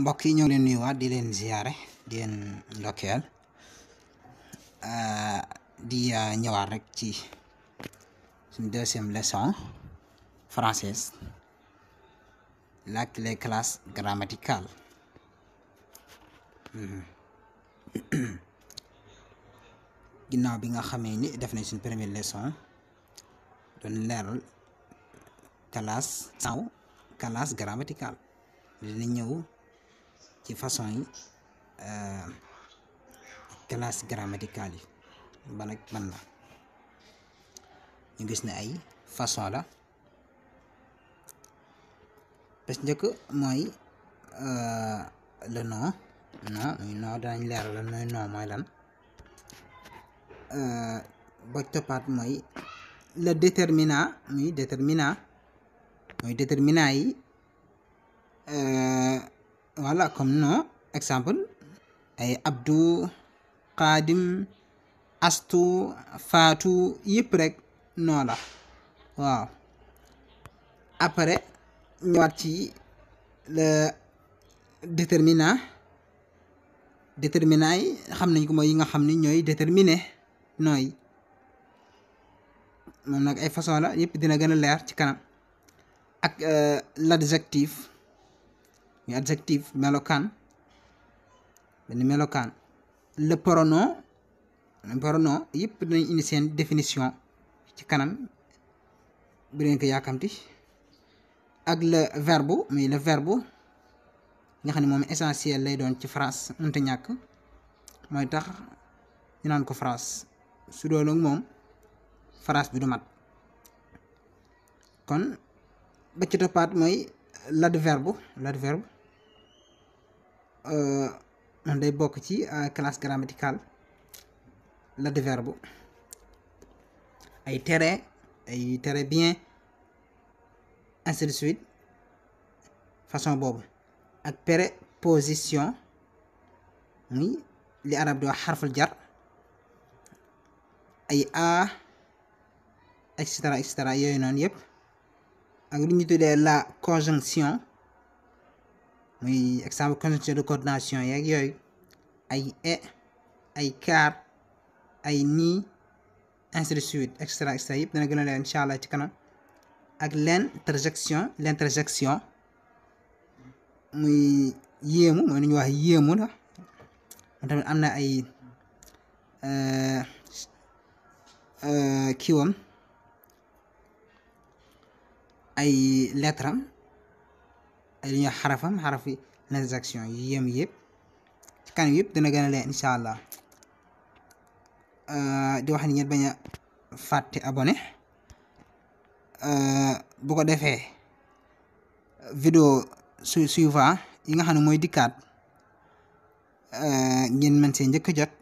mbokk yi ñoo ngi leen nuyuwaat di leen ziyaare di leen ndokkeel ah, di ah, ñëwaat rek ci suñ deuxième leçon française la les classes grammaticales hmm. ginnaaw bi nga xamee ni def nañ suñ première leçon doon leeral classe saw classe grammaticale dina ñëw ci façon yi euh, classe grammaticale yi ban ak la ñu gis ni ay façon la parce que njëkk mooy euh, le nom non muy nom danañ leeral lan mooy nom mooy lan euh, ba toppaat mooy le déterminant muy déterminant mooy déterminant yi voilà comme nom exemple ay Abdou Xaadim Astu Faatu yëpp rek noo la waaw après ñëwaat ci le déterminant déterminant yi xam nañ ko mooy yi nga xam ni ñooy déterminer nooy moom nag ay façon la yëpp dina gën a leer ci kanam ak euh, l'adjectif muy adjectif melokaan benn melokaan le pronom le pronom yëpp dinañ indi seen définition ci kanam bu deen ko yàkkamti ak le verbe muy le verbe nga xam moom essentiel lay doon ci phrase mënta ñàkk mooy tax ñu naan ko phrase su doon moom phrase bi du mat kon ba toppaat mooy l'adverbe l'adverbe euh, day bokk ci euh, classe grammaticale l'adverbe ay tere ay tere bien ainsi façon boobu ak pere muy li arab di wax xarful jar ay a et cetera et cetera yooyu noonu yëpp ak lu ñu tuddee la conjonction muy exemple de coordination yeeg yooyu ay e ay car ay nii ainsi de suite et cetera et cetera yëpp dana gën a leer incha allah ci ak l'interjection l'interjection muy yéemu mooy lu ñuy wax yéemu la moom tamit am na ay euh, euh, kiiwam ay lettre am ay li ñuy xarafam xarafi transaction yu yem yëpp ci kanam yëpp dana gën a leen incha allah euh, di wax ni ngeen bañ a abone abonné euh, bu ko defee vidéo su suivant yi nga xam ne mooy dikkaat euh, ngeen mën see njëkk jot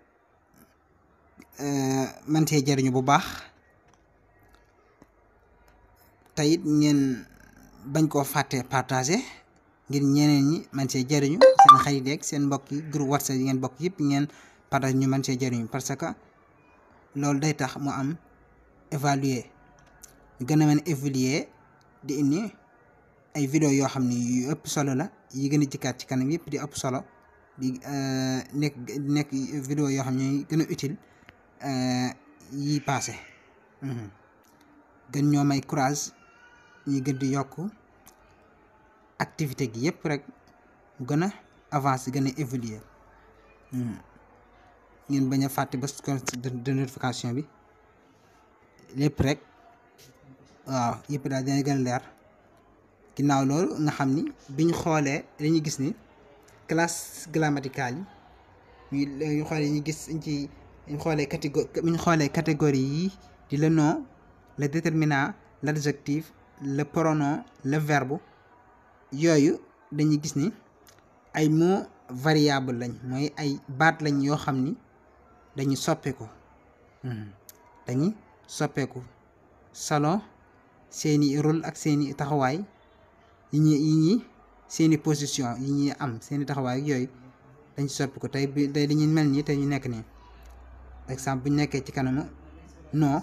mën see jariñu bu baax te it ngeen bañ koo fàtte partagé ngir ñeneen ñi man see jëriñu seen xarit yeeg seen mbokk yi groupe whatsapp yi ngeen bokk yëpp ngeen partagé ñu man see jariñu parce que loolu day tax mu am évaluer ñu gën a mën évaluer di indi ay vidéo yoo xam ne yu ëpp solo la yi gën a jikkaat ci kanam yëpp di ëpp solo di euh, nekk nekk vidéo yoo xam ne gën a utile euh, yi passé mhm. gën ñoo may ñuy gën di yokk activité gi yëpp rek mu gën a avancer gën a évoluer hmm. ngeen bañ a fàtte ba de notification bi lépp rek waaw yëpp daal dina gën a leer ginnaaw loolu nga xam ni bi ñu xoolee dañuy gis ni classe grammaticale yi ñu xoolee ñu gis ci ñu xoolee catégorie xoolee catégorie yi di le nom le déterminant l'adjectif le pronom le verbe yooyu dañuy gis ni ay mots variables lañ mooy ay baat lañ yoo xam ni dañuy soppeeku hmm. dañuy soppeeku salon seeni rôle ak seeni taxawaay yi ñuy yi ñuy seeni position yi ñuy am seeni taxawaay yooyu dañ soppeeku tey bi tey dañuy mel nii tey ñu nekk nii exemple bu nekkee ci kanamu non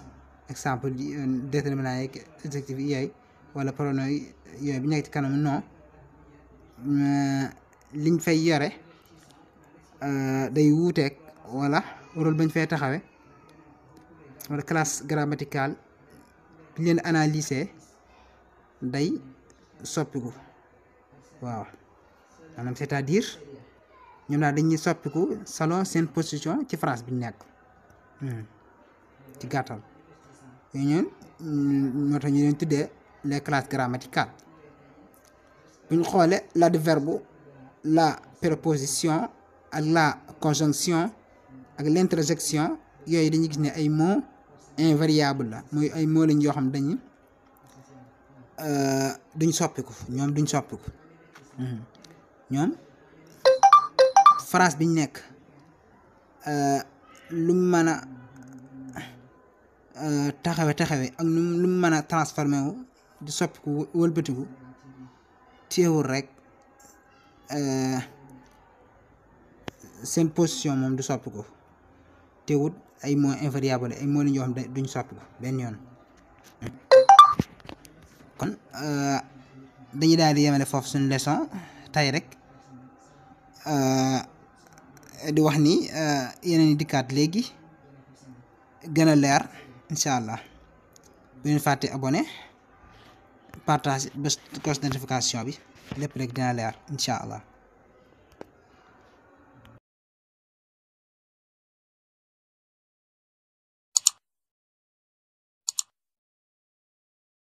exemple déterminant yeeg adjectif yooyu wala problème yooyu bi nekk ci kanam non euh, liñ fay yore euh, day wuuteeg wala rôle bañ fay taxawe wala classe grammaticale bi leen analyser day soppiku waaw maanaam c'est-à-dire ñoom daal dañuy soppiku selon seen position ci France bi nekk hmm. ci gàttal yooyu ñun hmm, ñu leen tuddee les classes grammaticales bu ñu xoolee l'adverbe la préposition ak la conjonction ak l'interjection yooyu dañuy gis ne ay mo invariables la mooy ay mots lañ yoo xam dañu euh, duñ soppiku ñoom duñ soppiku mhm. ñoom phrase biñ nekk euh, lu mu mën a euh, taxawe taxawe ak nu lu mu mën a transformé wu di soppiku wëlbatiku téewul rek euh, seen position moom du soppiku téewut ay mots invariables ay mots la ñoo xam ne duñ soppiku benn yoon kon euh, dañuy daal di yemale foofu suñu leçon tey rek euh, di wax ni yeneen i dikkaat léegi gën a leer incha allah bu leen fàtte abonné partage bés cloche notification bi lépp rek dina leer incha allah